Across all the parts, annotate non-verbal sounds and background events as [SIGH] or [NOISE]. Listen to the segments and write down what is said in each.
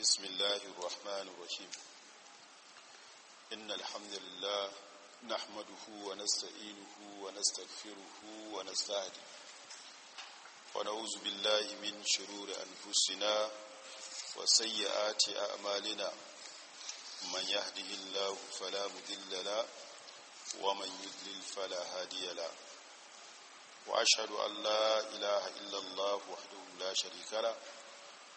بسم الله الرحمن الرحيم إن الحمد لله نحمده ونستعينه ونستغفره ونستهديه ونعوذ بالله من شرور أنفسنا وسيئات أعمالنا من يهده الله فلا مذل له ومن يذلل فلا هادي له وأشهد أن لا إله إلا الله وحده لا شريك له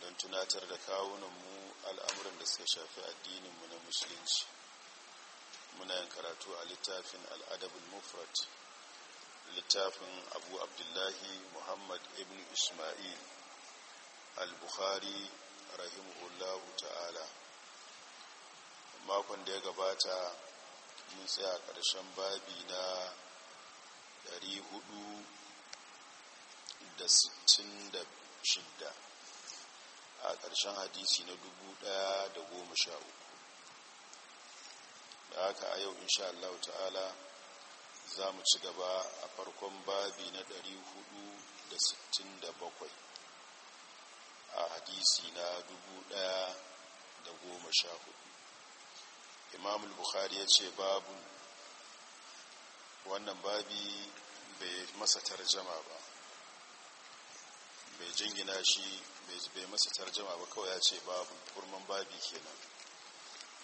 don tunatar da kawunanmu al'amuran da suka shafi addininmu na musulunci muna yin karatu a littafin al'adabul mufrat littafin abu abdullahi muhammad ibn ismail al-bukhari rahimahullahu ta'ala makon da ya gabata mun tsaya a ƙarshen babi na 466 a ƙarshen hadisi na dubu ɗaya da goma sha uku da haka a yau insha Allah ta'ala za mu ci gaba a farkon babi na ɗari hudu da sittin da bakwai a hadisi na dubu ɗaya da goma sha hudu imamul bukhari ya ce babu wannan babi bai masa tarjama ba mai jingina shi bai masa tarjama ba kawai ya ce babu kurman babi kenan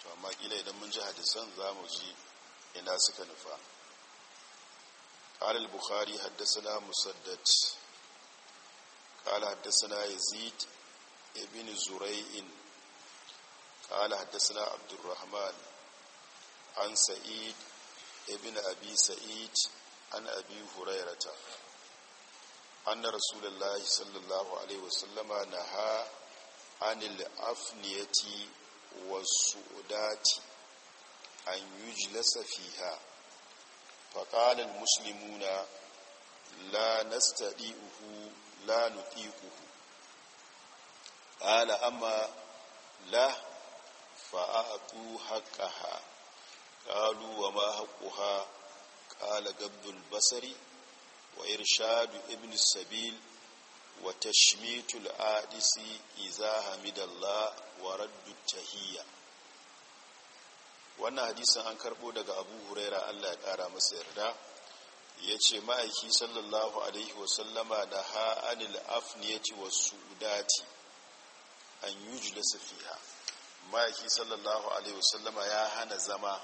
to amma kila idan mun ji hadisan za mu ji ina suka nufa قال البخاري حدثنا مسدد قال حدثنا يزيد ابن زريع قال حدثنا عبد الرحمن عن سعيد ابن أبي سعيد عن أبي هريرة anna rasulullahi sallallahu alaihi wasallama naha anil afniyati wasudati an yujlasa fiha faqala almuslimuna la nastadi'uhu la nutiquhu qala amma la fa'atu haqqaha qalu wa ma haqquha qala gaddul basari wa irshadu ibn sabil wa tashmitul adisi iza hamidallah wa raddu tahiyya wannan hadisin an karbo daga abu huraira allah ya kara masa yarda ya ce ma'aiki sallallahu alaihi sallama da ha'anil afniyati wasu an yi fiha ma'aiki sallallahu alaihi sallama ya hana zama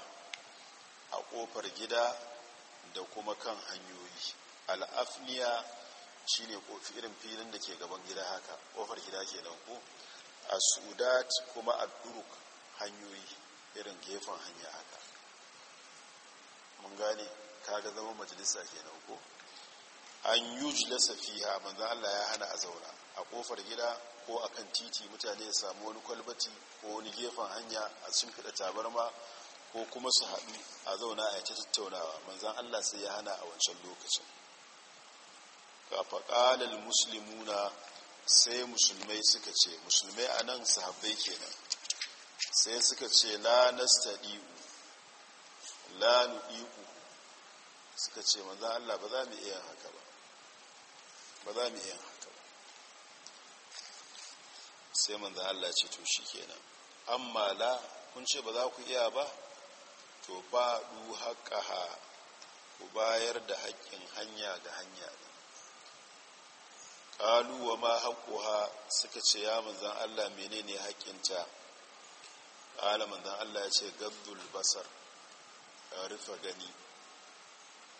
a ƙofar gida da kuma kan hanyoyi al'afniya shi ne irin filin da ke gaban gida haka ƙofar gida ke nan ko a sudat kuma a duruk hanyoyi irin gefen hanya haka mun gane kaga zama majalisa ke nan ko an yi jilasa fiha manzan allah ya hana a zaura a kofar gida ko a kan titi mutane ya samu wani kwalbati ko wani gefen hanya a sun fiɗa tabarma ko kuma su haɗu a zauna a yi tattaunawa manzan allah sai ya hana a wancan lokacin faƙalar musulmuna sai musulmai suka ce musulmai a nan sahabbai kenan sai suka ce la nastadiu la nuiku suka ce manzo Allah ba za mu iya haka ba ba za mu iya haka ba sai manzo Allah ce to shikenan amma la kun ce ba za ku iya ba to ba du haqqaha ku bayar da haƙƙin hanya ga hanya ne kaluwa wa ma haƙuha suka ce ya manzan Allah menene haƙinta ƙala manzan Allah ya ce gabdul basar rufe gani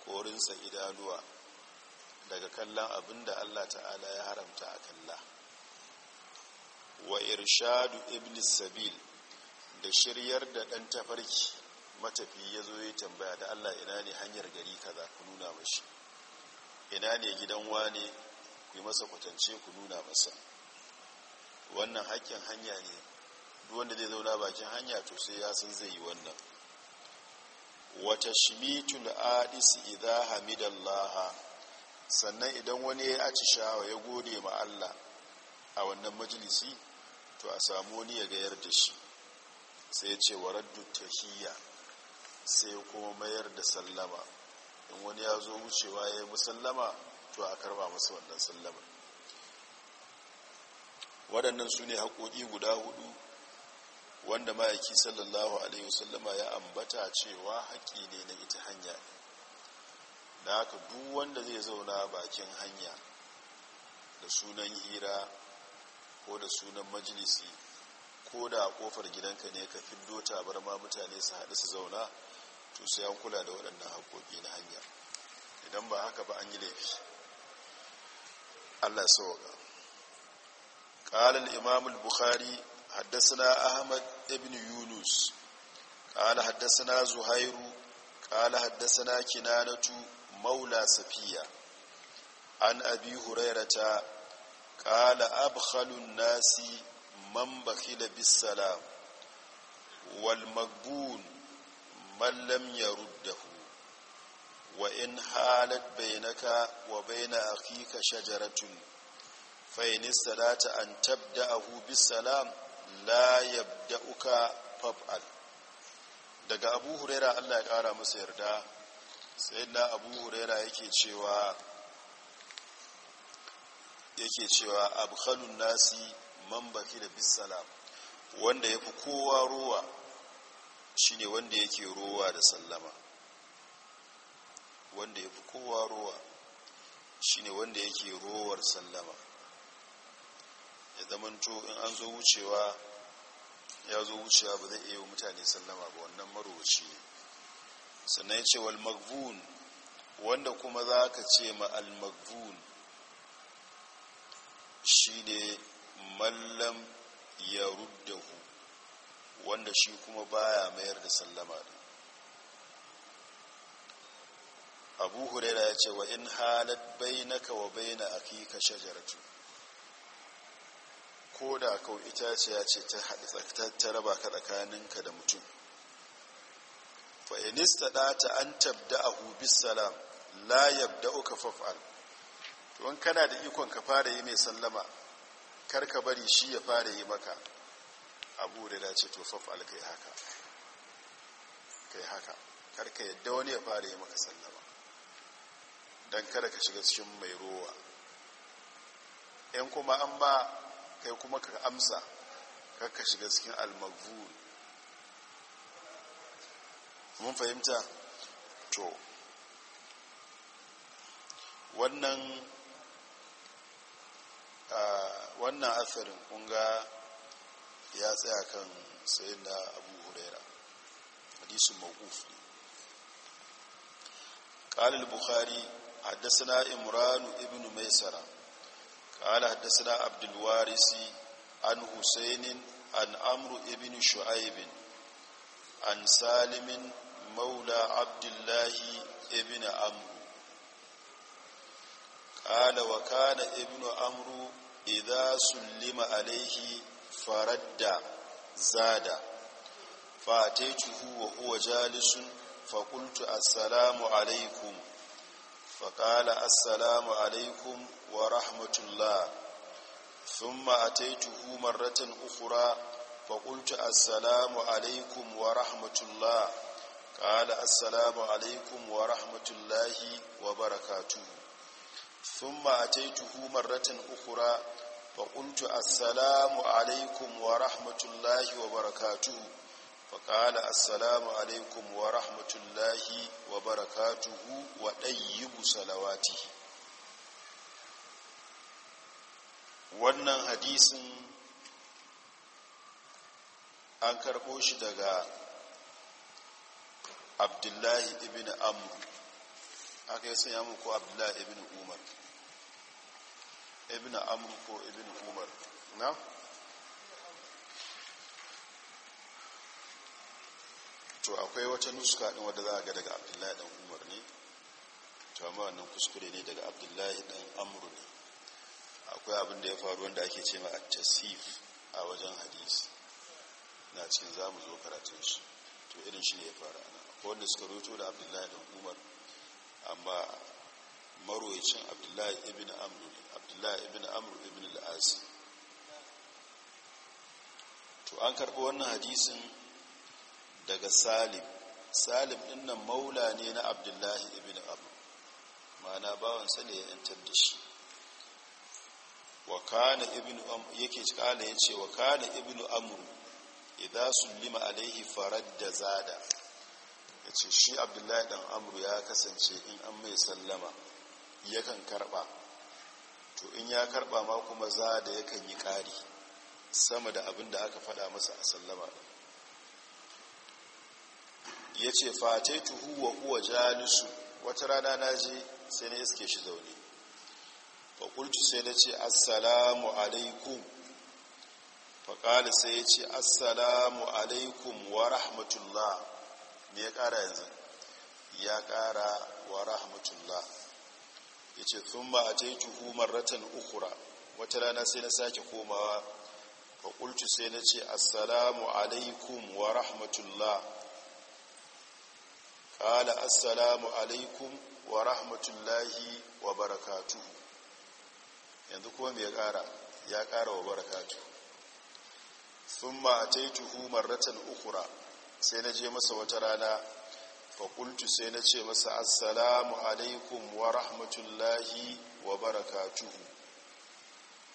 korinsa idanuwa daga kallon abin da Allah ta'ala ya haramta a kalla wa irshadu iblis sabil da shiryar da ɗan tafarki matafi ya zo ya tambaya da Allah ina ne hanyar gari kaza ku nuna mashi ina ne gidan wane ku yi masa kwatance ku nuna masa wannan hakkin hanya ne wanda zai zauna bakin hanya to sai ya san zai yi wannan wata shimitul Adis idha hamidallaha sannan idan wani ya aci shawa ya gode ma Allah a wannan majalisi to a samu wani ya gayar da shi sai ce wa raddu tahiyya sai kuma mayar da sallama in wani ya zo wucewa ya yi musallama to a karba masu wannan sallama waɗannan su ne haƙoƙi guda hudu wanda ma'aiki sallallahu alaihi wasallama ya ambata cewa haƙi ne na ita hanya na haka duk wanda zai zauna bakin hanya da sunan hira ko da sunan majalisi ko da a kofar gidanka ne ka fiddo ma mutane su haɗu su zauna to sai an kula da waɗannan haƙoƙi na hanya idan ba haka ba an yi laifi Allah sauka قال الإمام البخاري حدثنا أحمد ابن يونس قال حدثنا زهير قال حدثنا كنانة مولى سفية عن أبي هريرة قال أبخل الناس من بخل بالسلام والمقبول من لم يرده wa in halat bainaka wa baina akika shajaratun fa in salata an tabda'ahu bis salam la yabda'uka fa'al daga Abu Huraira Allah ya kara masa yarda sayyidina Abu Huraira yake cewa yake cewa abkhalun nasi man baki da bisalam wanda ya kowa ruwa shine wanda yake ruwa da sallama wanda ya fi kowa rowa shine wanda yake rowar sallama ya zamanto in an zo wucewa ya zo wucewa ba zai iya mutane sallama ba wannan marowaci ne sannan ya ce wal wanda kuma za ka ce ma shi ne mallam ya ruddahu wanda shi kuma baya mayar da sallama ne abu hurera ya ce wa in halat bainaka wa baina akika shajaratu ko da ita ce ya ce ta haɗi ta raba ka tsakaninka da mutum fa inista ta an tabda a hubis salam la yabda uka faf'al to kana da ikon ka fara yi mai sallama kar bari shi ya fara yi maka abu da dace to faf'al kai haka kai haka kar yadda wani ya fara yi maka sallama don kada ka shiga cikin mai rowa yan kuma an ba kai kuma ka amsa ka shiga cikin almagbul mun fahimta to wannan ah, wannan asirin kunga ya tsaya kan sai na abu huraira hadisun mawuf ƙalil bukhari حدثنا إمران ابن ميسرة قال حدثنا عبد الوارث عن حسين عن عمرو ابن شعيب عن سالم مولى عبد الله ابن عمرو قال وكان ابن عمرو إذا سلم عليه فرد زاد فأتيته وهو جالس فقلت السلام عليكم فقال السلام عليكم ورحمة الله ثم أتيته مرة أخرى فقلت السلام عليكم ورحمة الله قال السلام عليكم ورحمة الله وبركاته ثم أتيته مرة أخرى فقلت السلام عليكم ورحمة الله وبركاته فقال السلام عليكم ورحمة الله وبركاته وطيب صلواته wannan hadisin an karɓo shi daga abdullahi ibn amr aka yi sanya muku abdullahi ibn umar ibn amr ko ibn umar na? to akwai wata nuska din wadda za a ga daga abdullahi dan umar ne to amma wannan kuskure ne daga abdullahi dan amru ne akwai abin da ya faru wanda ake ce ma at a wajen hadisi na cikin zamu zo karatun su. to irin shi ne ya fara ana akwai wanda suka roto da abdullahi dan umar amma marwayacin abdullahi ibn amru ne abdullahi ibn amru ibn al'asi to an karɓi wannan hadisin daga salim salim din nan maula ne na abdullahi ibn abu mana bawan ya yantar da shi wa kana ibn yake kala ya ce wa kana ibn amru idan sullima alaihi faradda zada ya ce shi abdullahi dan amru ya kasance in an mai sallama yakan karba to in ya karba ma kuma zada yakan yi kari sama da abin da aka fada masa a sallama ya ce fate tuhu wa huwa jalisu wata rana na je sai na iske shi zaune fakultu sai na ce assalamu alaikum faƙali sai ya ce assalamu alaikum wa rahmatullah ne ya ƙara yanzu ya ƙara wa rahmatullah ya ce sun ba a tai humar ratan ukura wata rana sai na sake komawa fakultu sai na ce assalamu alaikum wa rahmatullah ƙala assalamu alaikum wa rahmatullahi wa barakatu yanzu kuma mai ƙara ya ƙara wa barakatu sun ma a taituhu ukura sai na je masa wata rana fakultu sai na ce masa assalamu alaikum wa rahmatullahi wa barakatu.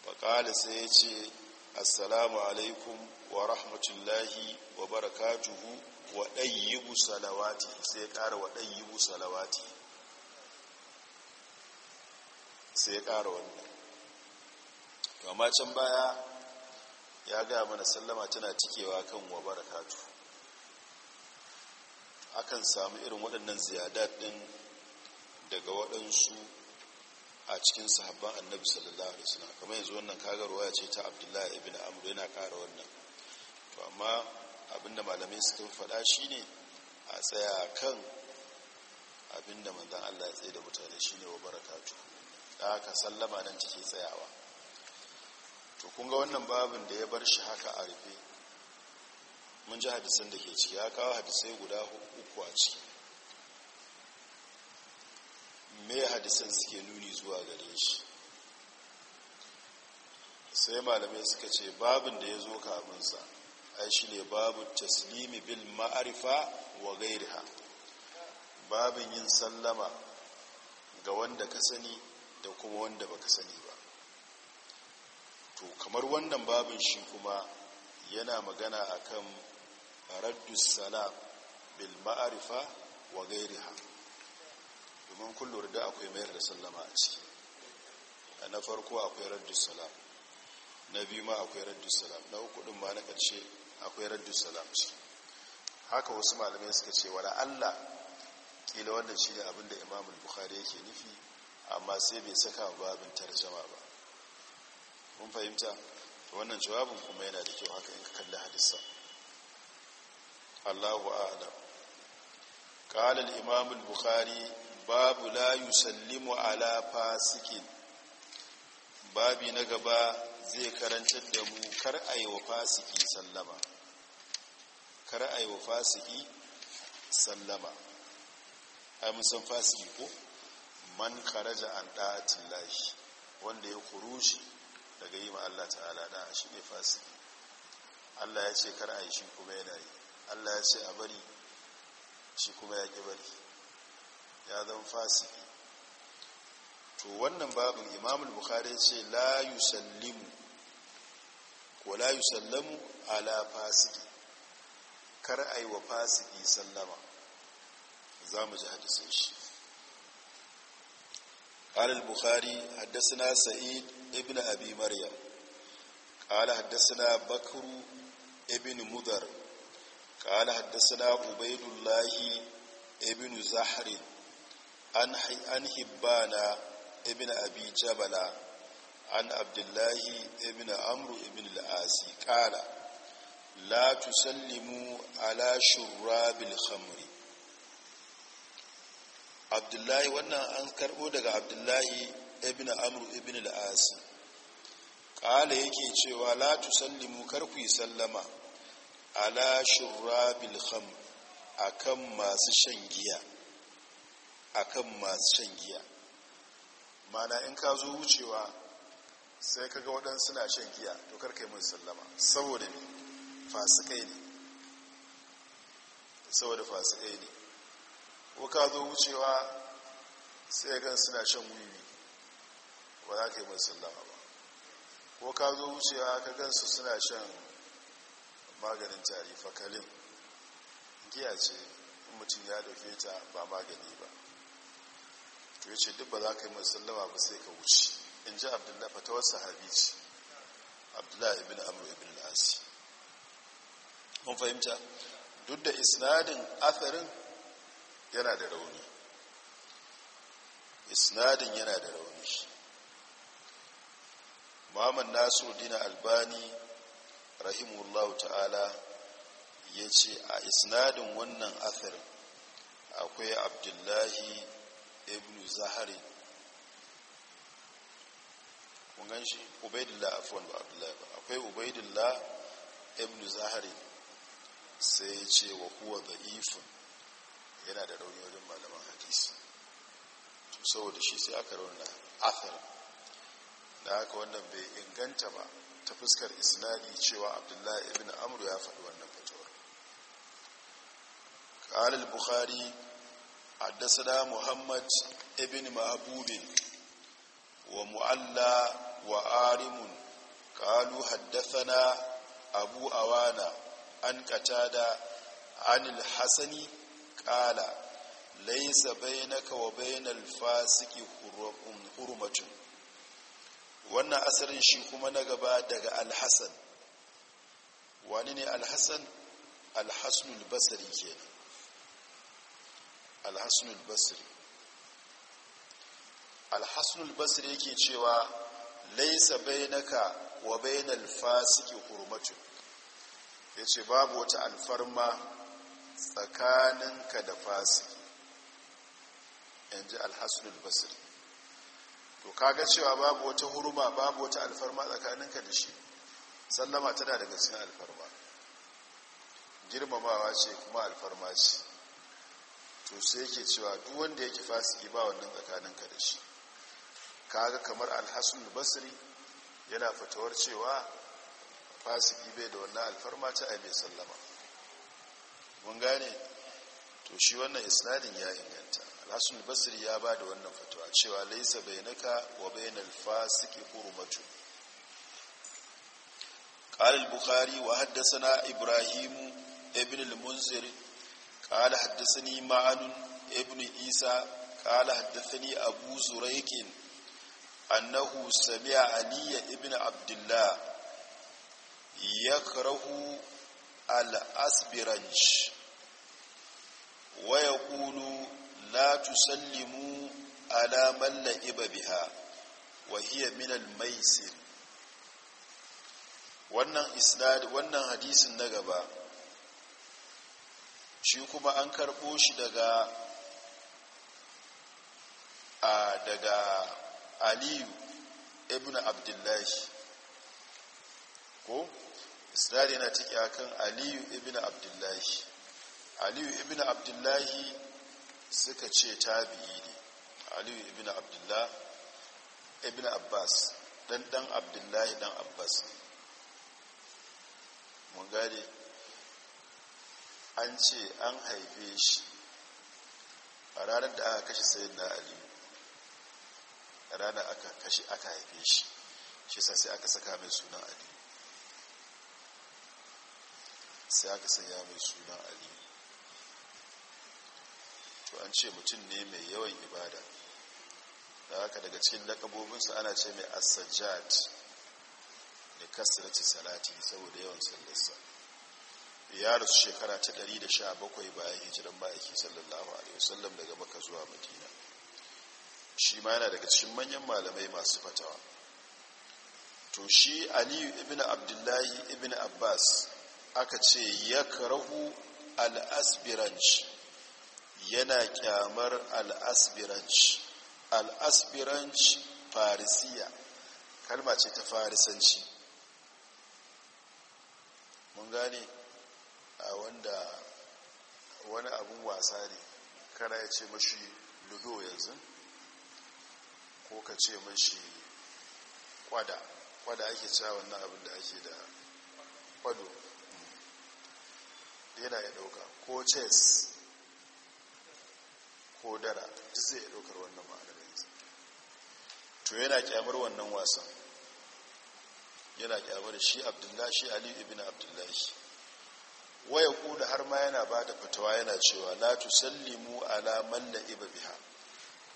faƙali sai ya ce assalamu alaikum wa rahmatullahi wa barakatu. waɗayyibu salawati sai ya ƙara waɗayyibu salawati sai ya ƙara wannan amma can baya ya ga mana sallama tana cikewa kan wa barakatu akan samu irin waɗannan ziyadat ɗin daga waɗansu a cikin sahabban annabi sallallahu alaihi wasallam kamar yanzu wannan kagarwa ce ta abdullahi ibn amr yana ƙara wannan to amma abinda malamai suka faɗa ne a tsaya kan abinda manzan Allah ya tsaye da mutane ne wa barakatu da aka sallama nan take tsayawa to kun wannan babin da ya bar shi haka a rufe mun ji hadisan da ke ciki ya kawo hadisai guda uku a ciki me hadisan suke nuni zuwa gare shi sai malamai suka ce babin da ya zo sa ai shi ne babu taslimi bil ma'arifa wa gairiha babin yin sallama ga wanda ka sani da kuma wanda baka sani ba to kamar wannan babin shi kuma yana magana akan raddus salam bil ma'arifa wa gairiha domin kullum da akwai mayar da sallama a ciki a na farko akwai raddus salam na biyu ma akwai raddus salam na uku din ma na ƙarshe akwai raddu salam haka wasu malamai suka ce wala Allah kila wannan shine abin da Imam Bukhari yake nufi amma sai bai saka babin tarjama ba mun fahimta wannan jawabin kuma yana da kyau haka in ka kalli hadisa Allahu a'lam imamul buhari Bukhari babu لا sallimu ala fasikin babi na gaba zai karantar da mu kar a yi wa fasiki sallama kar a yi wa fasiki sallama ai musan fasiki ko man karaja an da'atin lahi wanda ya shi daga yi ma Allah ta'ala da shi ne fasiki Allah ya ce kar a yi shi kuma yana yi Allah ya ce a bari shi kuma ya ƙi bari ya zan fasiki to wannan babin imamul bukhari ce la yusallimu ko la yusallamu ala fasiki kar a yi wa fasiki sallama za mu ji hadisin shi قال البخاري حدثنا سعيد ابن أبي مريم قال حدثنا بكر ابن مدر قال حدثنا عبيد الله ابن زحر عن حبانا ibn abi jabala an abdullahi ibn amru ibn al-asi qala la tusallimu ala shurrabil khamri abdullahi wannan an karbo daga abdullahi ibn amru ibn al-asi kala yake cewa la tusallimu karku yi sallama ala shurrabil kham akan masu shan giya akan masu shan giya mana in ka zo wucewa sai kaga waɗansu suna shan giya to karka yi mun sallama saboda ne fasikai ne saboda fasikai ne ko ka zo wucewa sai gan suna shan wuyi ba za ka yi mun sallama ba ko ka zo wucewa ka gan su suna shan maganin tari fakalin giya ce in mutum ya dauke ta ba magani ba to ya ce duk ba za ka yi mai sallama ba sai ka wuce in ji abdullahi fatawar sahabi ce abdullahi ibn amru ibn al'asi mun fahimta duk da isnadin atharin yana da rauni isnadin yana da rauni muhammad nasiru dina albani rahimullahu ta'ala ya ce a isnadin wannan atharin akwai abdullahi ibn zahari kun gan shi ubaidullah afuwan ba abdullahi ba akwai UbaidulLah ibn zahari sai ya ce wa kuwa da ifin yana da rauni wajen malaman hadisi saboda shi sai aka rauna athar da haka wannan bai inganta ba ta fuskar isnadi cewa abdullahi ibn amru ya faɗi wannan fatuwar ƙalil bukhari حدثنا محمد ابن محبوب ومعلى وعارم قالوا حدثنا أبو أوانا عن قتادة عن الحسن قال ليس بينك وبين الفاسق حرمة wannan asarin shi kuma na gaba daga alhassan wani ne alhassan alhassanul basari kenan alhassanul basri alhassanul basri yake cewa laisa bainaka wa bainal fasiki hurmatun ya ce babu wata alfarma tsakaninka da fasiki yanzu alhassanul basri to kaga cewa babu wata hurma babu wata alfarma tsakaninka da shi sallama tana daga cikin alfarma girmamawa ce kuma alfarma ce to sai yake cewa duk wanda yake fasiki ba wannan tsakaninka da shi kaga kamar alhasan basri yana fatawar cewa fasiki bai da wannan alfarma ta ai mai sallama mun gane to shi wannan isnadin ya inganta alhasan basri ya ba da wannan fatawa cewa laisa bainaka wa bainal fasiki hurmatu قال البخاري وحدثنا ابراهيم ابن المنذر قال حدثني معن ابن عيسى قال حدثني أبو زريك أنه سمع علي ابن عبد الله يكره الأسبرنج ويقول لا تسلموا على من لئب بها وهي من الميسر wannan isnad wannan hadisin na gaba shi kuma an karɓo shi daga a daga aliyu ibn abdullahi ko isra'ila yana ciki akan aliyu ibn abdullahi aliyu ibn abdullahi suka ce tabi'i ne aliyu ibn abdullahi ibn abbas dan dan abdullahi dan abbas mun gane an ce an haife shi a ranar da aka kashe sayin na ali a ranar aka kashe aka haife shi shi sa sai aka saka mai sunan ali sai aka sanya mai sunan ali to an ce mutum ne mai yawan ibada da aka daga cikin lakabobinsu ana ce mai asajjad da kasirci salati saboda yawan sallarsa ya rasu shekara ta 117 bayan hijiran ma'aiki sallallahu alaihi wasallam daga maka zuwa madina shi ma yana daga cikin manyan malamai masu fatawa to shi aliyu ibn abdullahi ibn abbas aka ce ya karahu al'asbiranci yana kyamar al'asbiranci al'asbiranci farisiya kalma ce ta farisanci mun gane a wanda wani abun wasa ne kana ya ce mashi ludo yanzu ko ka ce mashi kwada kwada ake cewa wannan abin da ake da kwado hmm. yana ya dauka ko chess ko dara duk zai ya daukar wannan ma'anar yanzu to yana kyamar wannan wasan yana kyamar shi abdullahi ali ibn abdullahi waya kuda har ma yana ba da fatawa yana cewa la tusallimu ala man la'iba biha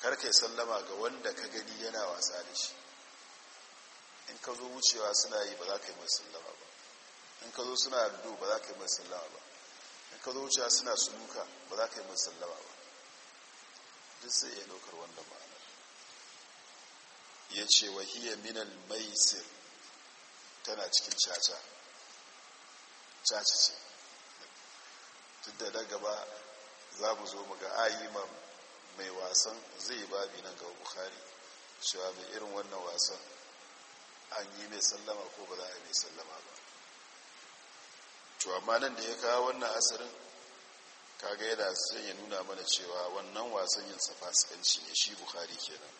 karkai sallama ga wanda ka gani yana wasa da shi in ka zo wucewa suna yi ba za ka yi masu sallama ba in ka zo suna addu ba za ka yi masu sallama ba in ka zo wucewa suna suluka ba za ka yi masu sallama ba duk sai iya ɗaukar wanda ma'ana ya ce wahiyar minal maisir tana cikin caca caca ce Tunda da gaba za mu zo mu ga ma mai wasan zai babi nan ga bukhari cewa mai irin wannan wasan an yi mai sallama ko ba za a yi mai sallama ba to amma nan da ya kawo wannan asirin kaga yana sun ya nuna mana cewa wannan wasan yin fasikanci ne shi bukhari kenan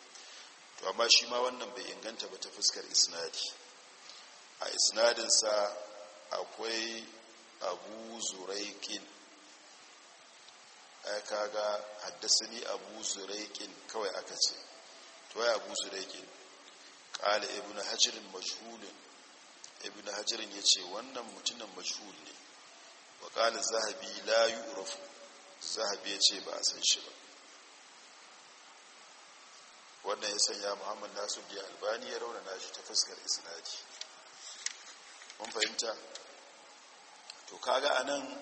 to amma shi ma wannan bai inganta ba ta fuskar isnadi a isnadinsa akwai abu zuraikin ai kaga haddasani abu zuraikin kawai aka ce to ya abu zuraikin qala ibnu hajr majhul ibnu hajr yace wannan mutumin majhul ne wa qala zahabi la yu'rafu zahabi yace ba a san shi ba wannan ya sanya muhammad nasir da albani ya rauna shi ta fuskar isnadi mun fahimta to kaga anan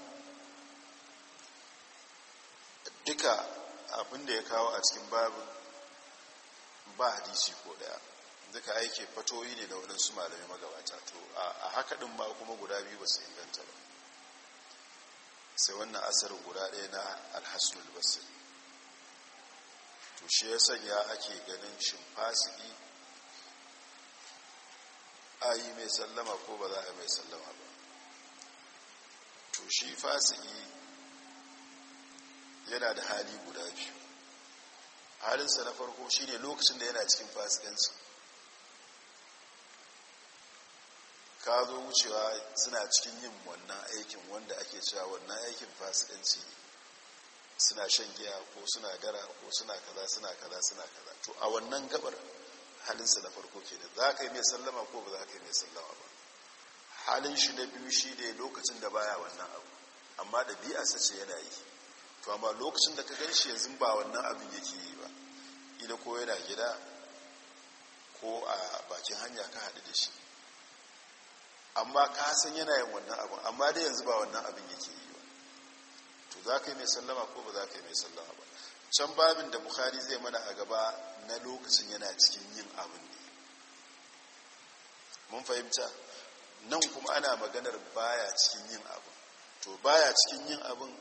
duka abinda ya kawo a cikin babu ba hadisi ko daya duka aiki fatoyi ne da waɗansu malami magabata to a haka ɗin ba kuma guda biyu ba su inganta ba sai wannan asarin guda ɗaya na alhassanul basir to shi ya sanya ake ganin shimfasidi a yi mai sallama ko ba za a yi mai sallama ba to shi fasidi yana da hali guda biyu halinsa na farko shi ne lokacin da yana cikin fasikansu ka zo wucewa suna cikin yin wannan aikin wanda ake cewa wannan aikin fasikanci ne suna shan giya ko suna gara ko suna kaza suna kaza suna kaza to a wannan gabar halinsa na farko ke da za ka yi mai sallama ko ba za ka yi mai sallama ba halin shi na biyu shi ne lokacin da baya wannan abu amma da ɗabi'arsa ce yana yi to amma lokacin da ka gan shi yanzu ba wannan abin yake yi ba ila ko yana gida ko a bakin hanya ka hadu da shi amma ka san yana yin wannan abin amma dai yanzu ba wannan abin yake yi ba to za ka yi mai sallama ko ba za ka yi mai sallama ba can babin da bukari zai mana a gaba na lokacin yana cikin yin abin ne mun fahimta nan kuma ana maganar baya cikin yin abin to baya cikin yin abin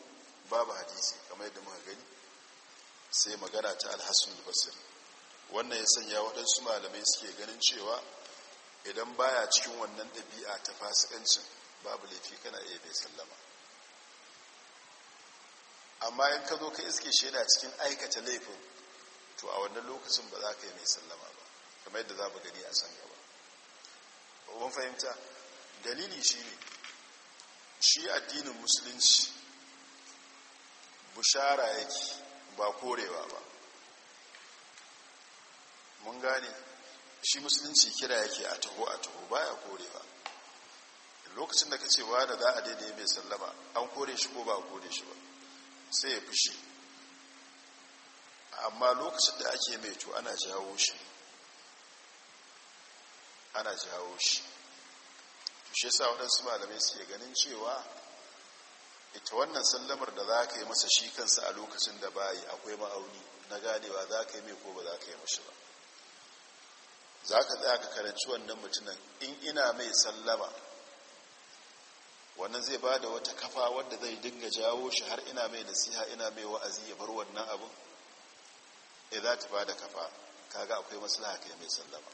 babu hadisi kamar yadda muka gani sai magana ta alhassan Basir. wannan ya sanya waɗansu malamai suke ganin cewa idan baya cikin wannan ɗabi'a ta fasikancin babu laifi kana iya bai sallama amma in ka zo ka iske shi yana cikin aikata laifin to a wannan lokacin ba za ka yi mai sallama ba kamar yadda za mu gani a san gaba mun fahimta dalili shi ne shi addinin musulunci bushara yake ba korewa ba mun gane shi musulunci kira yake a taho a taho baya korewa lokacin da ka ce wa da za a daidai mai sallama an kore shi ko ba a kore shi ba sai ya fushi amma lokacin da ake mai to ana jawo shi ana jawo shi shi sa waɗansu malamai suke ganin cewa ita wannan sallamar da za ka yi masa shi kansa a lokacin da bayi akwai ma'auni na ganewa za ka yi mai ko ba za ka yi mashi ba za ka tsaya ka karanci wannan mutunan in ina mai sallama wannan zai ba da wata kafa wadda zai dinga jawo shi har ina mai nasiha ina mai wa'azi ya bar wannan abin e eh, za ta ba da kafa kaga akwai maslaha yi mai sallama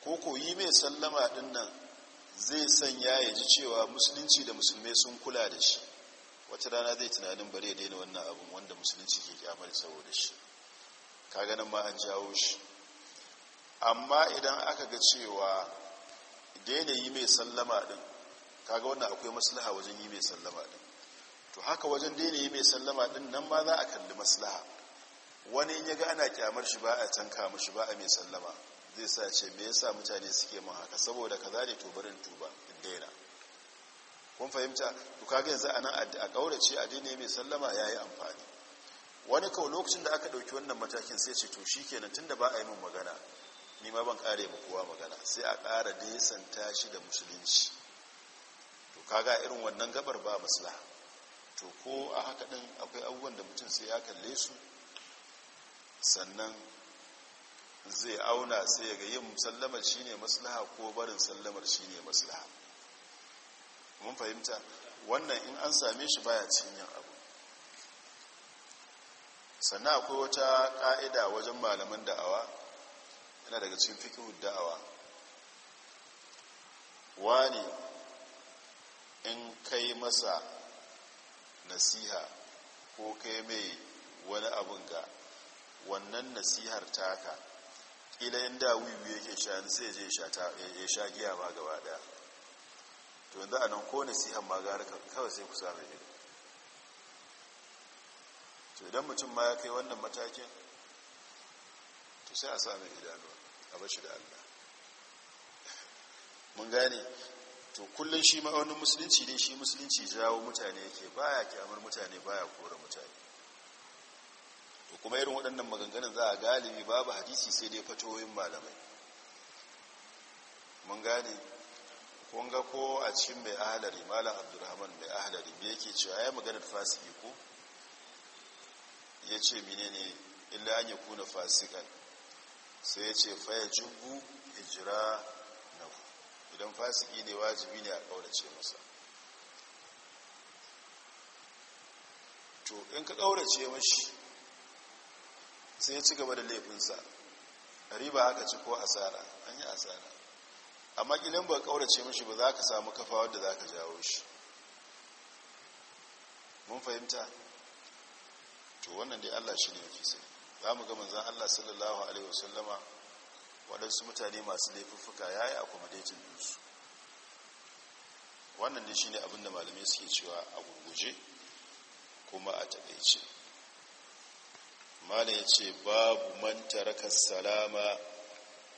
ko koyi mai sallama ɗinnan. zai sanya ya ji cewa musulunci da musulmai sun kula da shi wata rana zai tunanin bare ya daina wannan abin wanda musulunci ke kyamar saboda shi Ka ganin ma an jawo shi amma idan aka ga cewa daina yi mai sallama din Ka ga wannan akwai maslaha wajen yi mai sallama din to haka wajen daina yi mai sallama din nan ma za a kalli maslaha wani ya ga ana kyamar shi ba a tanka mashi ba a mai sallama zai sa ce me yasa mutane suke mun haka saboda kaza ne tubarin barin tuba daina kun fahimta to kaga yanzu anan a kaurace addini mai sallama yayi amfani wani kawo lokacin da aka dauki wannan matakin sai ce to tun da ba a yi mun magana ni ma ban kare mu kowa magana sai a kara nesanta shi da musulunci to kaga irin wannan gabar ba maslaha to ko a haka din akwai abubuwan da mutum sai ya kalle su sannan zai auna sai ga yin sallamar shi ne maslaha ko barin sallamar shi ne maslaha mun fahimta wannan in an same shi baya cikin yin abu sannan akwai wata ƙa'ida wajen malaman da'awa yana daga cikin fikihun da'awa wani in kai masa nasiha ko kai mai wani abin ga wannan nasihar taka ƙila yin da yake sha sai je ya sha giya ma gaba daya to yanzu a nan ko nasihan ma gara kawai sai ku sami ido to idan mutum ma ya kai wannan matakin to sai a sami idanu a bashi da allah [LAUGHS] mun gane to kullum shi ma'aunin musulunci ne shi musulunci jawo mutane yake baya kyamar mutane baya kora mutane to kuma irin waɗannan maganganun za a galibi babu hadisi sai dai fatoyin malamai mun gane kunga ko a cikin mai ahalari malam abdurrahman mai ahalari me yake cewa ya maganar fasiki ko ya ce menene illa an kuna fasikan sai ya ce faya jubu hijira na idan fasiki ne wajibi ne a ƙaurace masa to in ka ƙaurace mashi sai ya ci gaba da laifinsa riba aka ci ko asara an yi asara amma gidan ba kaurace mashi ba za ka samu kafa wadda za ka jawo shi mun fahimta to wannan dai allah shi ne mafi sani za mu ga manzan allah sallallahu alaihi wasallama waɗansu mutane masu laifuffuka ya yi akwamadetin dusu? wannan dai shi ne abinda malamai suke cewa a gurguje kuma a taɓaice malam ya ce babu man taraka salama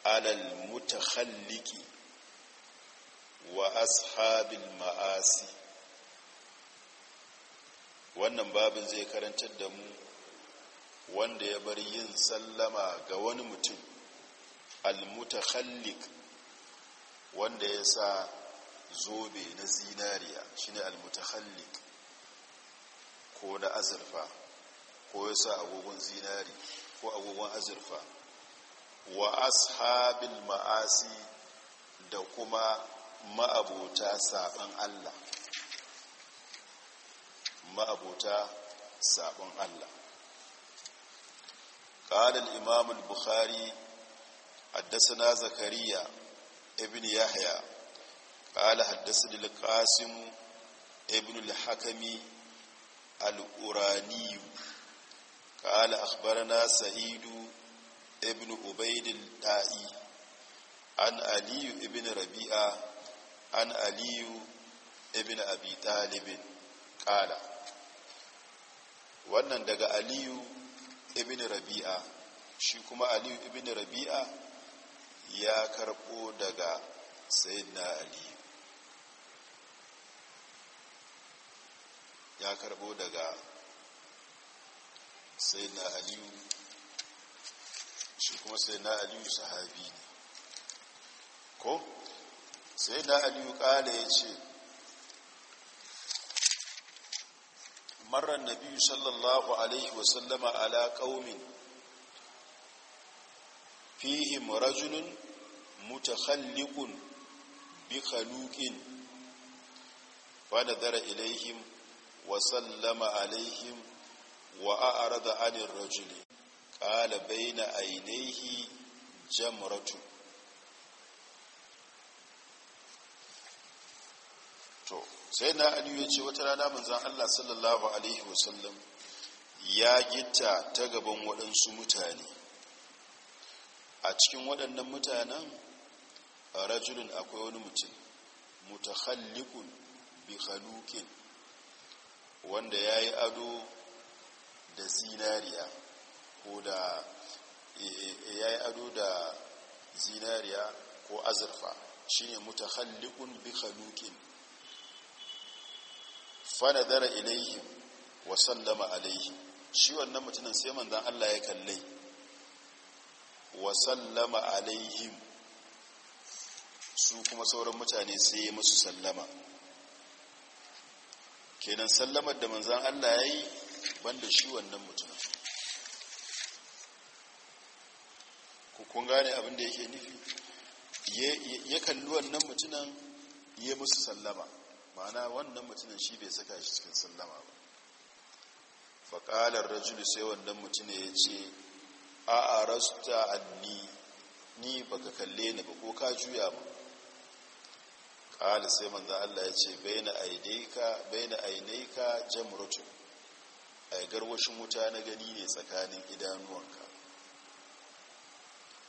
alal mutakhalliki wa ashabin ma'asi wannan babin zai karantar da mu wanda ya bar yin sallama ga wani mutum almutakhallik wanda ya sa zobe na zinariya shine almutakhallik ko na azurfa ko ya sa agogon zinari ko agogon azurfa wa ashabin ma'asi da kuma ma'abuta saɓon allah ma'abuta saɓon allah ƙadal imamul Bukhari, haddasa zakariya ibn yahya ƙala haddasa dalƙasimu ibn al-hakami al-uraniyu قال أخبرنا سعيد ابن عبيد الدائي عن علي ابن ربيعة عن علي ابن أبي طالب قال wannan daga aliyu ibn rabi'a shi kuma aliyu ibn rabi'a ya karbo daga sayyidina aliyu ya karbo daga sai na aliyu shi kuma sai na aliyu sahabi ne ko sai na aliyu kala ya ce marar nabiyu sallallahu alaihi wasallama ala kaumin fihim rajulun mutakhalliqun bi khaluqin fa nadara ilaihim wa sallama alaihim wa a'rada anin rajuli qala bayna ainihi jamratu to sai na aliyu ya ce wata rana manzan allah sallallahu alaihi wasallam ya gita ta gaban waɗansu mutane a cikin waɗannan mutanen rajulun akwai wani mutum mutakhallikun bi halukin wanda ya yi ado da zinariya ko da eh, eh, ya yi ado da zinariya ko azurfa shi ne mutahallikun bi halukin fanadara ilaihim wa sallama alaihim shi wannan mutumin sai manzan Allah ya kalle wa sallama alaihim su kuma sauran mutane sai ya musu sallama kenan sallamar da manzan Allah ya yi banda shi wannan mutumin kun gane abin da yake nufi ya kalli wannan mutumin ya musu sallama ma'ana wannan mutumin shi bai saka shi cikin sallama ba faƙalar rajulu sai wannan mutumin ya ce a a rasta anni ni baka kalle ni ba ko ka juya ba ƙalisai sai manzan Allah ya ce bai na ka jamuratu a garwashin wuta na gani ne tsakanin idanuwanka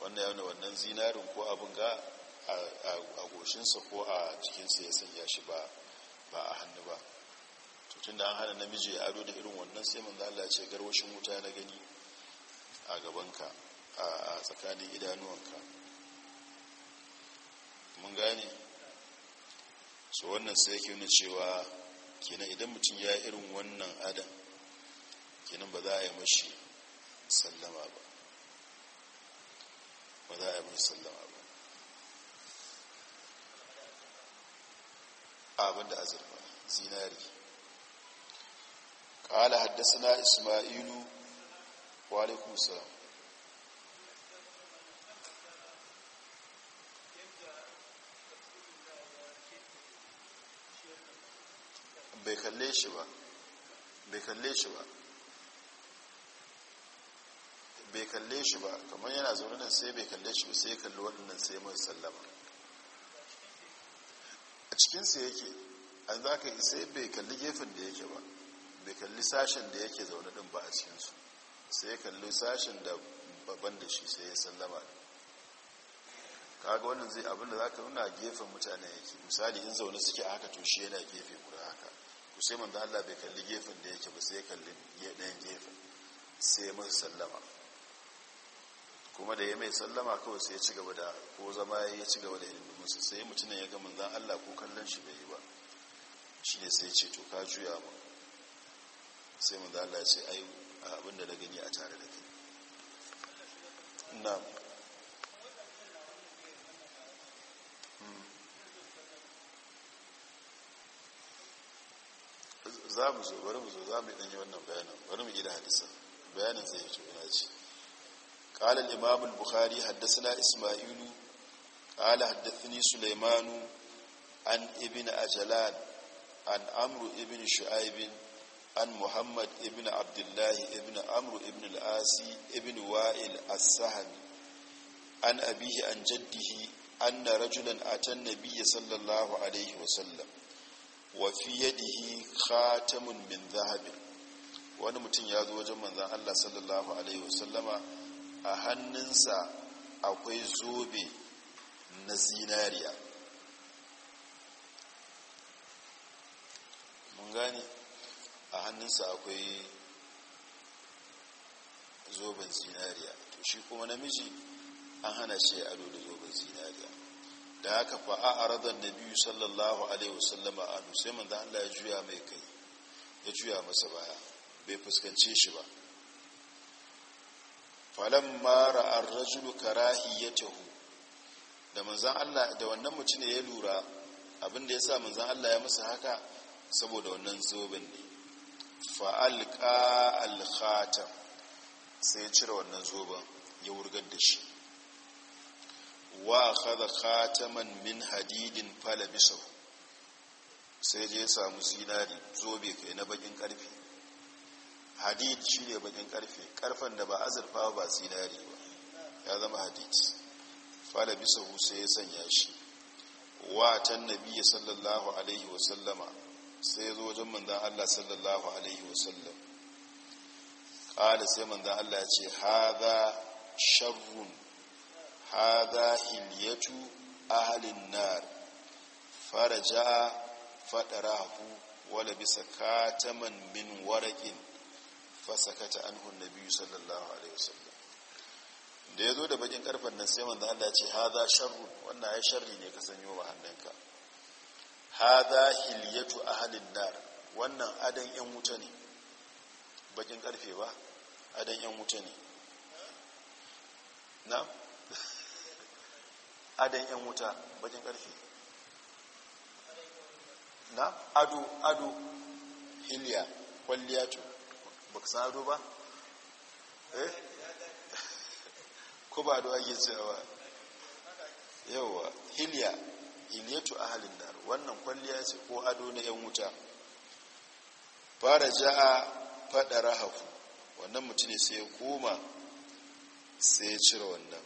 wannan yana wannan zinarin ko abin ga a goshinsa ko a jikinsa ya sanya shi ba a hannu ba tutun da an hana namiji ya ado da irin wannan sai mun Allah ce garwashin wuta na gani a gabanka a tsakanin idanuwanka mun gane so wannan sai yake nuna cewa kenan idan mutum ya irin wannan adam kenan ba za a yi mashi sallama ba ba za a yi mashi sallama ba abin da azurfa zinari ƙala haddasa na ismailu wale kusa bai kalle shi ba bai kalle shi ba bai kalle shi ba kamar yana zaune nan sai bai kalle shi ba sai ya kalli waɗannan sai mai sallama a cikinsa yake an za ka sai bai kalli gefen da yake ba bai kalli sashen da yake zaune ɗin ba a cikinsu sai ya kalli sashen da babban da shi sai ya sallama kaga wannan zai abin da za ka nuna gefen mutane yake misali in zaune suke a haka to shi yana gefe guda haka ku sai manzo Allah bai kalli gefen da yake ba sai ya kalli ɗayan gefen sai ya masa sallama kuma da ya mai sallama kawai sai ya ci gaba da ko zama ya ci gaba da ilimin musu sai mutum ya ga manzan Allah ko kallon shi bai yi ba shi ne sai ce to ka juya mu sai manzan Allah ya ce ai abinda na gani a tare da kai na hmm. za mu zo bari mu zo za mu yi ɗanyi wannan bayanin bari mu gida hadisan bayanin zai yi cikin ce قال الإمام البخاري حدثنا إسماعيل قال حدثني سليمان عن ابن أجلان عن عمرو ابن شعيب عن محمد ابن عبد الله ابن عمرو ابن الآسي ابن وائل السهمي عن أبيه عن جده أن رجلا أتى النبي صلى الله عليه وسلم وفي يده خاتم من ذهب wani mutum ya zo wajen manzan Allah sallallahu Alaihi wasallama a hannunsa akwai zobe na zinariya mun gani a hannunsa akwai zoben zinariya to shi kuma namiji an hana shi ado da zoben zinariya da haka fa a aradar Nabi sallallahu alaihi wasallama a sai da Allah ya juya mai kai ya juya masa baya bai fuskance shi ba falon mara an rajulu karahi ya tahu da manzan allah da wannan mutum ya lura abinda ya sa manzan allah ya masa haka saboda wannan zobin ne fa'alƙa alkhata sai ya cire wannan zoben ya wurgar da shi wa kada khataman min hadidin falabisau sai je ya samu zinari zobe kai na bakin ƙarfi hadid shi ne bakin karfe karfen da ba azurfa ba zinari ba ya zama hadid fala bisa sai ya sanya shi watan nabiya sallallahu alaihi wasallama sai ya zo wajen manzan allah sallallahu alaihi wasallam Kada sai manzan allah ya ce haza sharrun haza hilyatu ahalin nar faraja faɗarahu wala bisa kataman min warakin fasakata anhu biyu sallallahu alaihi wasallam da ya zo da bakin karfan nan sai manzo Allah ya ce hadha sharru wannan ai sharri ne ka sanyo wa hannanka hadha hilyatu ahlin nar wannan adan yan wuta ne bakin karfe ba adan yan wuta ne na [LAUGHS] adan yan wuta bakin karfe na ado ado hilya kwalliyatu ba ka sado ba eh ko ba da ake cewa yawa hilya hilyatu ahalin nar wannan kwalliya ce ko ado na yan wuta fara ja'a fada rahafu wannan mutum ne sai ya koma sai ya cire wannan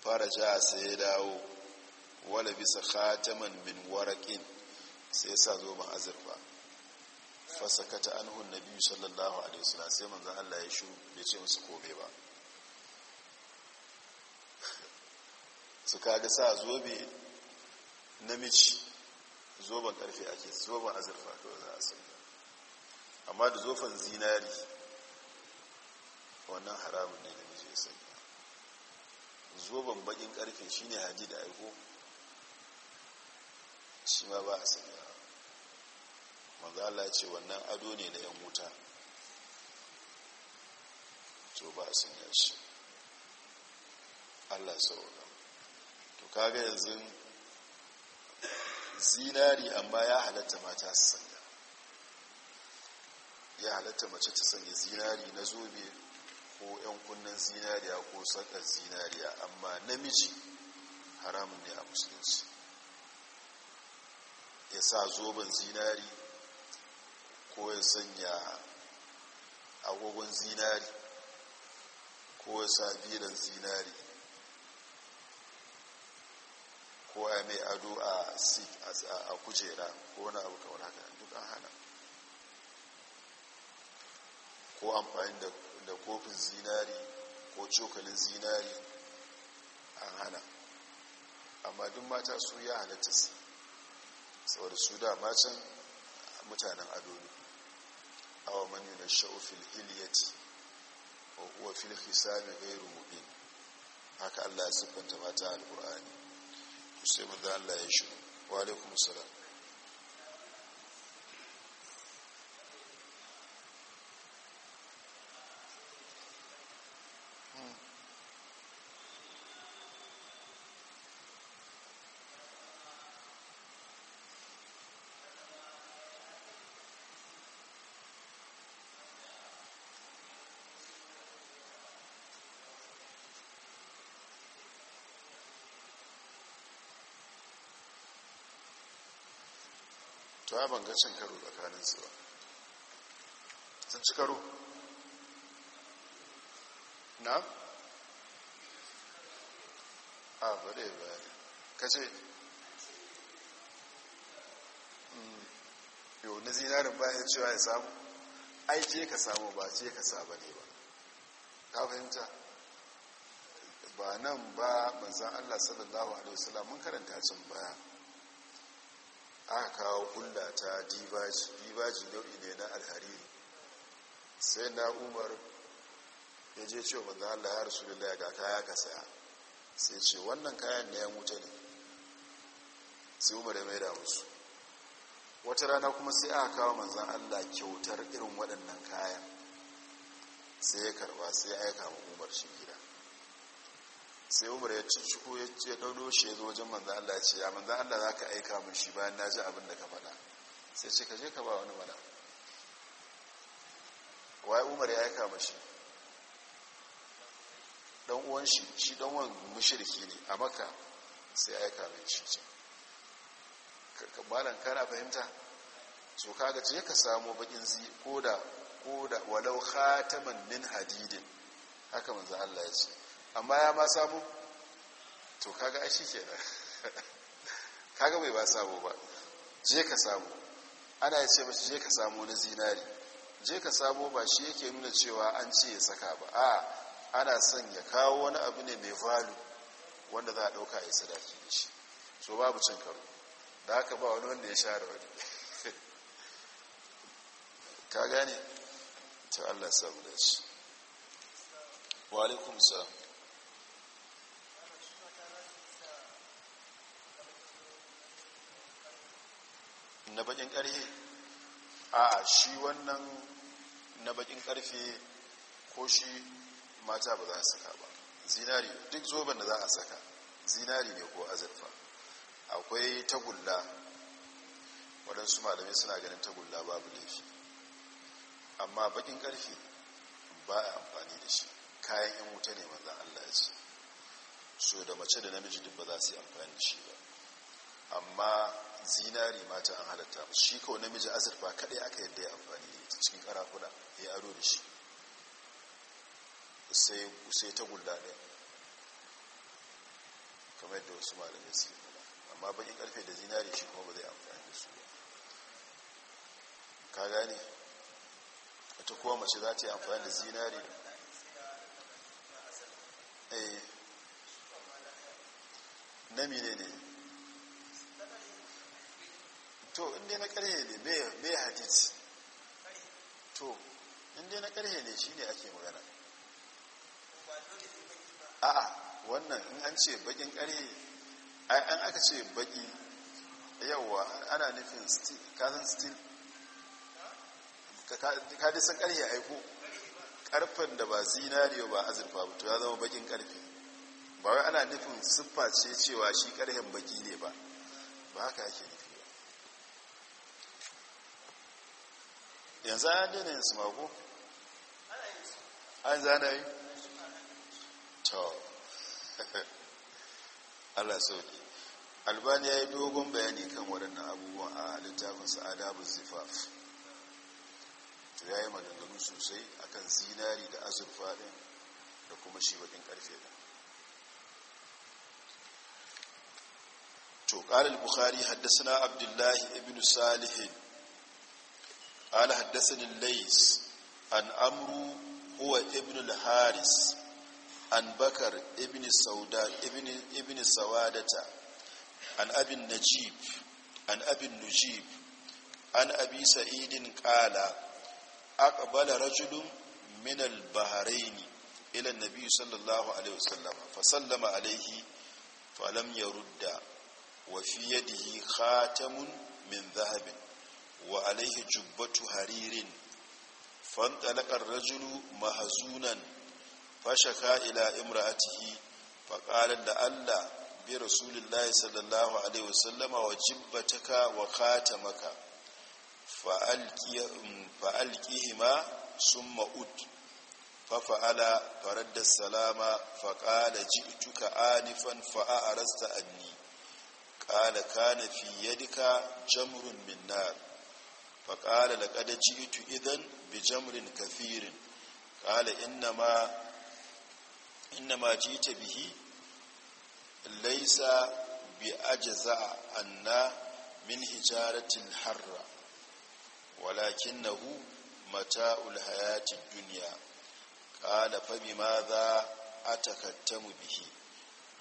fara ja'a sai ya dawo wala bisa khataman min warqin sai ya sa zoben azurfa fasakata anhu nabi sallallahu alaihi wasallam sai manzon Allah ya shu bai ce musu kobe ba su [LAUGHS] kaga sa zobe namiji zoben karfe ake zoben azurfa to za a sanya amma da zofan zinari wannan haramun ne namiji ya sanya zoben bakin karfe shine da aiko shi ma ba a sanya manzo Allah ce wannan ado ne na yan wuta to ba a sanya shi Allah saurara to kaga yanzu zinari amma ya halatta mata su sanya ya halatta mace ta sanya zinari na zobe ko yan kunnen zinariya ko sakar zinariya amma namiji haramun ne a musulunci ya sa zoben zinari ko ya sanya agogon zinari ko ya sa biran zinari ko ya mai ado a kujera ko wani abu kawar haka duk an hana ko amfani da kofin zinari ko cokalin zinari an hana amma duk mata su ya halatta su saboda su da macen mutanen adoni. awa man yunashu fil ilyati wa huwa fil khisami ghayru mubin haka Allah ya siffanta mata alqur'ani sai manzo Allah ya shiru wa alaikum salam to ya banga cin karo tsakaninsu ba sun ci karo na? a bade bade kace hmm. yau na zinarin bayan cewa ya samu ai je ka samu ba je ka saba ne ba ka fahimta ba nan ba manzan allah sallallahu alaihi wasallam mun karanta cin baya aka kawo kulla ta dibaji dibaji nau'i ne na alhariri sai na umar ya je ce wanda Allah ya rasu lillahi ga kaya ka saya sai ce wannan kayan na yan wuta ne sai umar ya maida musu wata rana kuma sai aka kawo manzan Allah kyautar irin waɗannan kayan sai ya karba sai ya aika wa umar shi gida sai umar ya ci ciko ya ɗauno shi ya zo wajen manzan Allah ya ce ya manzan Allah za ka aika min shi bayan na ji abin da ka faɗa sai ce ka je ka ba wani mana waye umar ya aika mashi ɗan uwan shi shi ɗan uwan mushirki ne a maka sai aika mai shi ce malam kana fahimta so kaga je ka samo bakin zi ko da walau khataman min hadidin haka manzan Allah ya ce amma ya ma sabo to kaga a shi kenan [LAUGHS] kaga bai ba sabo ba je ka samu ana ya ce mace je ka samu na zinari je ka samu ba shi yake nuna cewa an ce ya saka ba a ana son ya kawo wani abu ne mai valu wanda za a ɗauka ya sadaki da shi so babu cin karo da haka ba wani wanda ya share wani [LAUGHS] ka gane ta allah samu da shi wa alaikum salam na bakin karfe a shi wannan na bakin karfe ko shi mata ba za a saka ba zinari duk zoben da za a saka zinari ne ko azurfa akwai tagulla waɗansu malamai suna ganin tagulla babu laifi amma bakin karfe ba a amfani da shi kayan yan wuta ne wanda allah ya so da mace da namiji duk ba za su yi amfani da shi ba amma zinari mata an halatta musu shi kawo namiji azurfa kadai aka yadda ya amfani da cikin karakuna ya aro da shi sai ta gulda ne kamar yadda wasu malamai su yi amma bakin karfe da zinari shi kuma ba zai amfani da su ba ka gane ta kuwa mace za ta yi amfani da zinari eh ne to inda na karhe ne bai hadith to inda na karhe ne shi ne ake magana a'a wannan in an ce bakin karhe an aka ce baki yawwa ana nufin kazan steel kadisan karhe aiko karfen da ba zinariyo ba azurfa ba to ya zama bakin karfe ba wai ana nufin siffa ce cewa shi karhen baki ne ba ba haka ake nufi yanzu an dina yin su mako an na yi to [LAUGHS] allah sauki albani ya yi dogon bayani kan waɗannan abubuwan a littafin sa'ada bu zifaf ya yi maganganu sosai a kan zinari da azurfa ɗin da kuma shi baƙin ƙarfe ɗin to ƙarar bukhari haddasa na abdullahi ibn salihin قال حدثني الليث عن عمرو هو ابن الحارث عن بكر ابن سوداء ابن ابن سوادة عن ابي النجيب عن ابي النجيب عن ابي سعيد قال اقبل رجل من البحرين الى النبي صلى الله عليه وسلم فسلم عليه فلم يرد وفي يده خاتم من ذهب wa alaihi jubbatu haririn fantalakar rajulu mahazunan fashaka ila imra'atihi faƙalar da allah bi rasulullahi sallallahu alaihi wasallama wa jibbataka wa katamaka fa'alƙihima sun ma'ud fafa'ala faradda salama faƙala ji'tuka anifan fa'a a rasta anni ƙala kana fi fiye jamrun jamurin nar faƙala da ƙadaci itu idan bijamrin kafirin ƙala inna ma ci bihi laisa bi ajaza anna min hijaratin harra walakin nahu mata mata'ul hayatin duniya ƙala fabi ma za a takattamu bihi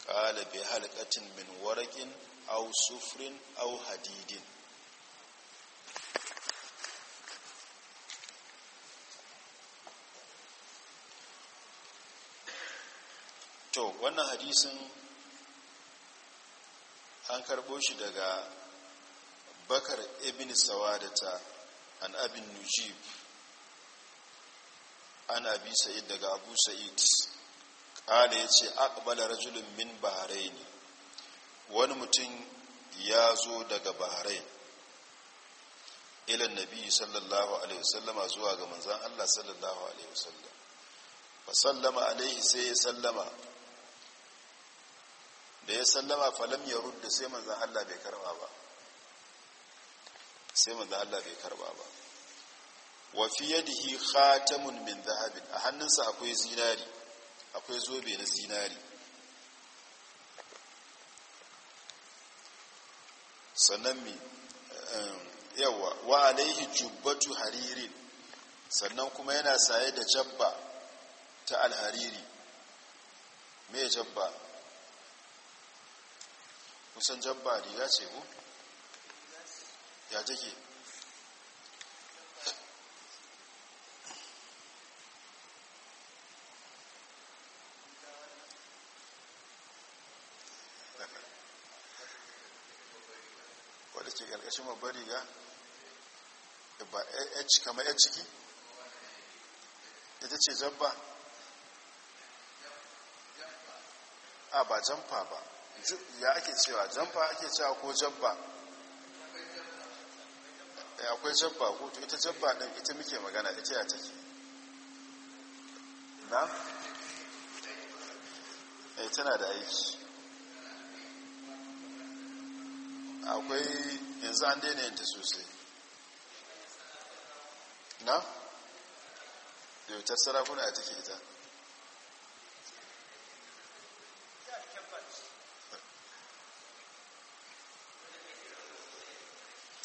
ƙala bi halkatin min waraƙin au sufrin au hadidin to wannan hadisin an karɓo shi daga bakar ibn sawadata an abin nujib ana bi sa'id daga abu sa'id ƙala ya ce akbala rajulun min ne wani mutum ya zo daga bahare ilan nabi sallallahu alaihi wasallama zuwa ga manzan allah sallallahu alaihi wasallam fa sallama alaihi sai ya sallama da ya sallama falam ya rudda sai manzan Allah bai karba ba sai manzan Allah bai karba ba wa fi yadihi khatamun min zahabin a hannunsa akwai zinari akwai zobe na zinari sannan mi yawa wa alaihi jubbatu haririn sannan kuma yana saye da jabba ta alhariri mai jabba kusan jabba riga ce ku ya take wadda ke ƙarƙashin mabari ya ba h kama h ciki ita ce jabba a ba jamfa ba ya ake cewa jamfa ake cewa ko jabba eh, akwai jabba ko to ita jabba ɗin ita muke magana ita ya take na? eh tana da aiki akwai yanzu an daina yanta sosai na? yautar sarakuna ya take ita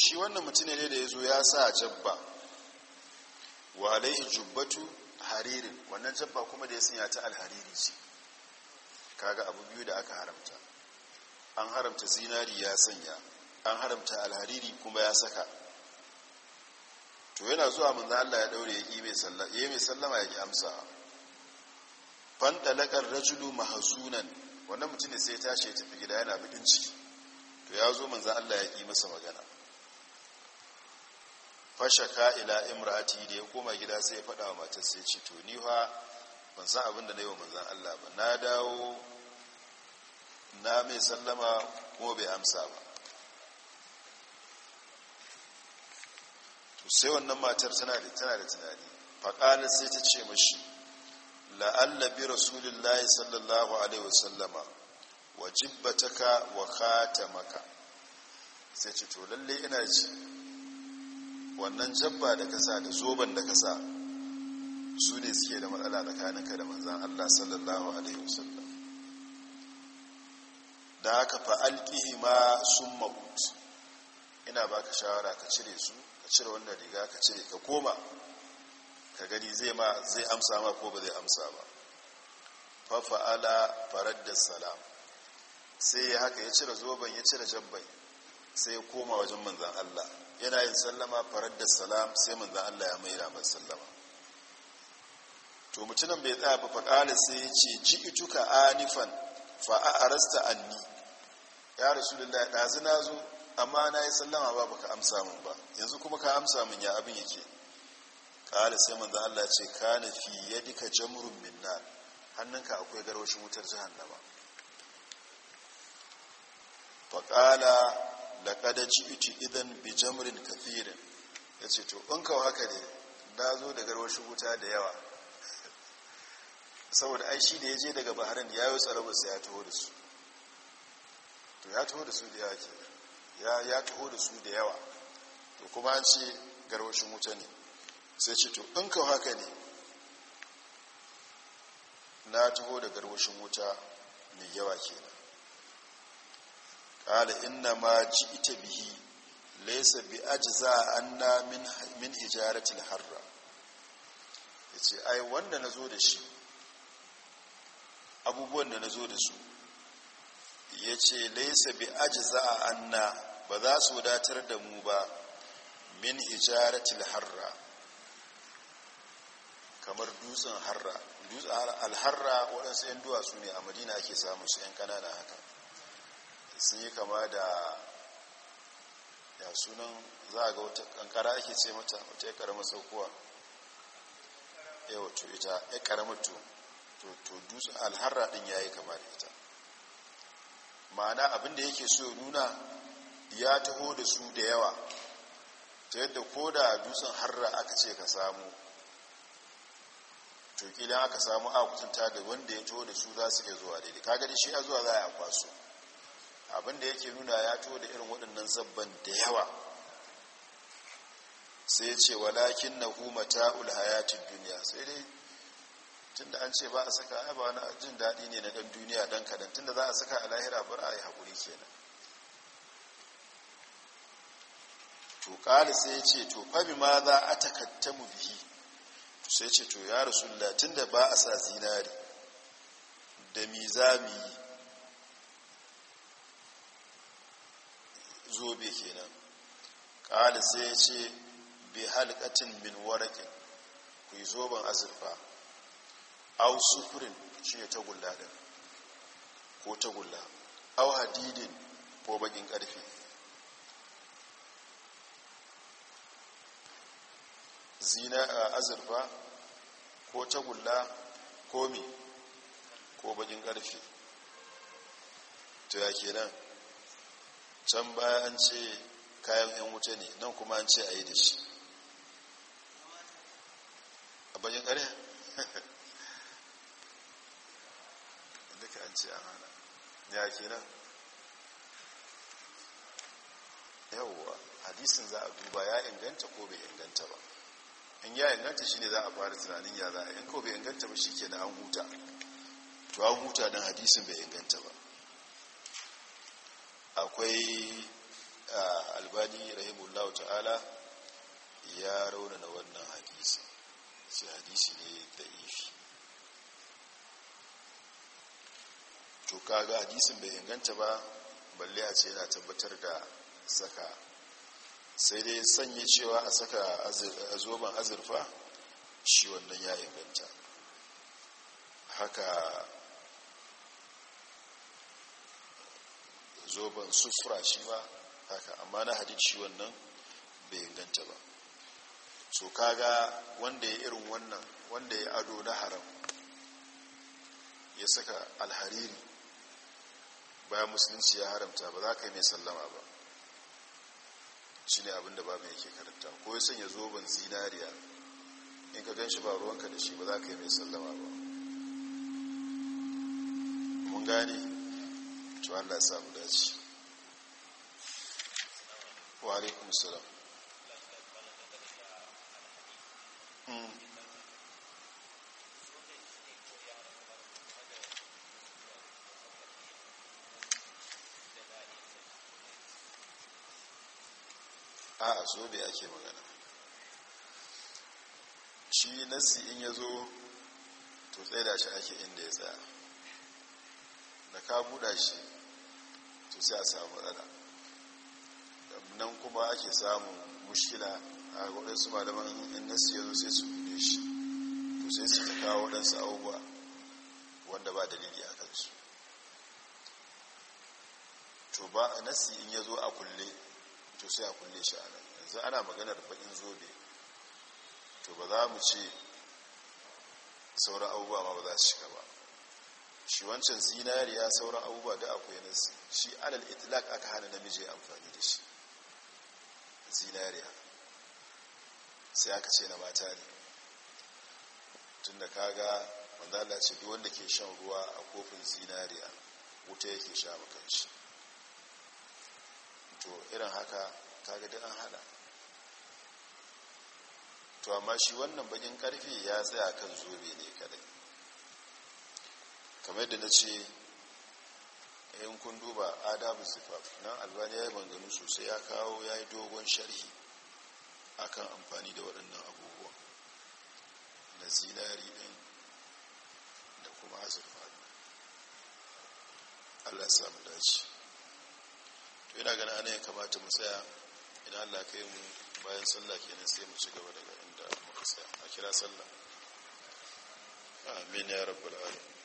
shi wannan mutum ne da ya zo ya sa jabba wa alaihi jubbatu haririn wannan jabba kuma da ya sanya ta alhariri ce kaga abu biyu da aka haramta an haramta zinari ya sanya an haramta alhariri kuma ya saka to yana zuwa manzo Allah ya daure ya yi mai sallama ya ki amsa fantalakar rajulu mahzunan wannan mutum ne sai ya tashi ya tafi gida yana bidin ciki to ya zo manzo Allah ya yi masa magana fashaka ila imrati da ya koma gida sai ya faɗa wa matar sai ce to ni fa ban san abin da na yi wa manzan Allah ba na dawo na mai sallama ko bai amsa ba to sai wannan matar tana da tana da tunani faƙalar sai ta ce mashi la'alla bi rasulillahi sallallahu alaihi wasallama wa wa khatamaka sai ce to lalle ina ji wannan jabba da kasa da zoben da kasa su ne suke da matsala ka da manzan Allah sallallahu alaihi wasallam da haka fa alƙihi ma sun ma'ut ina baka shawara ka cire su ka cire wannan riga ka cire ka koma ka gani zai ma zai amsa ma ko ba zai amsa ba fa farar da salam sai ya haka ya cire zoben ya cire jabbai sai ya koma wajen manzan Allah yana yin sallama farar da salam sai manzan Allah ya mai mai sallama to mutumin bai tsaya fa faƙala sai ya ce ji ituka anifan fa a arasta anni ya rasu da ɗazu na zo amma na yi sallama ba baka amsa min ba yanzu kuma ka amsa min ya abin yake ƙala sai manzan Allah ce ka na fi yadika jamurin minna hannunka akwai garwashin wutar jihannama faƙala laƙada iti idan bi jamrin kafirin ya ce to in kawo haka ne na zo da garwashin wuta da yawa saboda ai shi da ya je daga baharin ya yi tsarabarsa ya taho da su to ya taho da su da yawa ke ya taho da su da yawa to kuma an ce garwashin wuta ne sai ce to in kawo haka ne na taho da garwashin wuta mai yawa kenan qala inna ma ji ita bihi laisa bi ajza anna min min hijarati harra yace ai wanda nazo da shi abubuwan da nazo da su yace laisa bi ajza anna ba za su wadatar da mu ba min hijarati harra kamar dutsen harra dutsen alharra waɗansu 'yan duwatsu ne a madina ake samun su 'yan ƙanana haka sun yi kama da ya sunan za a ga wata kankara ake ce mata wata ya karama saukowa ya wato ita ya karama to to dutsen alharra din ya yi kama da ita ma'ana abinda yake so nuna ya taho da su da yawa ta yadda ko da dutsen harra aka ce ka samu to kila aka samu a kusanta da wanda ya taho da su za su iya zuwa daidai ka shi ya zuwa za a yi akwaso abinda yake nuna ya to da irin waɗannan zabban da yawa sai ce walakin na humata ulhayatun duniya sai dai tun da an ce ba a saka ai ba wani jin daɗi ne na ɗan duniya ɗan kaɗan tun da za a saka a lahira bar a yi haƙuri kenan to ƙali sai ya ce to fabi ma za a takatta mu bihi to sai ce to ya rasu tun da ba a sa zinari da mi za mu yi zobe kenan ƙada sai ya ce bi halkatin min warakin ku yi zoben azurfa au sufurin shi ne tagulla ɗin ko tagulla au hadidin ko bakin ƙarfi zina a azurfa ko tagulla ko mi ko bakin ƙarfi to ya kenan can baya an ce kayan 'yan wuta ne nan kuma an ce a yi da shi a bayan kare [LAUGHS] duka an ce a hana ya ke nan yawwa hadisin za a duba ya inganta ko bai inganta ba in ya inganta shi ne za a fara tunanin ya za a yanko ko bai inganta ba shi ke da an huta to an huta don hadisin bai inganta ba akwai albani rahimullahu ta'ala ya raunana wannan hadisi sai hadisi ne da ifi to kaga hadisin bai inganta ba balle a ce yana tabbatar da saka sai dai sanya cewa a saka zoben azurfa shi wannan ya inganta haka zoben sufura shi ma haka amma na hadith shi wannan bai inganta ba so kaga wanda ya irin wannan wanda ya ado na haram ya saka alhariri bayan musulunci ya haramta ba za ka yi mai sallama ba shi ne abinda ba mai yake karanta ko ya sanya zoben zinariya in ka gan shi ba ruwanka da shi ba za ka yi mai sallama ba mun gane to Allah sa mu dace wa alaikum salam a bai ake magana shi nasi in ya zo to tsaye da shi ake inda ya tsaya da ka buɗa shi to sai a samu matsala nan kuma ake samun mushkila a waɗansu malaman in nasi ya zo sai su buɗe shi to sai su ta kawo waɗansu abubuwa wanda ba dalili a kansu to ba a nasi in ya zo a kulle to sai a kulle shi a nan yanzu ana maganar baƙin zobe to ba za mu ce sauran abubuwa ma ba za su shiga ba shi wancan zinariya sauran abubuwa da akwai shi alal itlaq aka hana namiji amfani da shi zinariya sai aka ce na mata ne tunda kaga wanda Allah ce duk wanda ke shan ruwa a kofin zinariya wuta yake sha makan shi to irin haka kaga duk an hana to amma shi wannan bakin karfe ya tsaya kan zobe ne kadai kamar da na ce kundu eh, kun duba adabu zifaf nan albani ya yi banganu sosai ya kawo ya yi dogon sharhi akan amfani da waɗannan abubuwa na zinari ɗin da kuma azurfa allah samu dace to yana gana ana ya kamata mu tsaya idan allah yi mu bayan sallah kenan sai mu ci gaba daga inda muka tsaya a kira sallah amin ya rabu alamin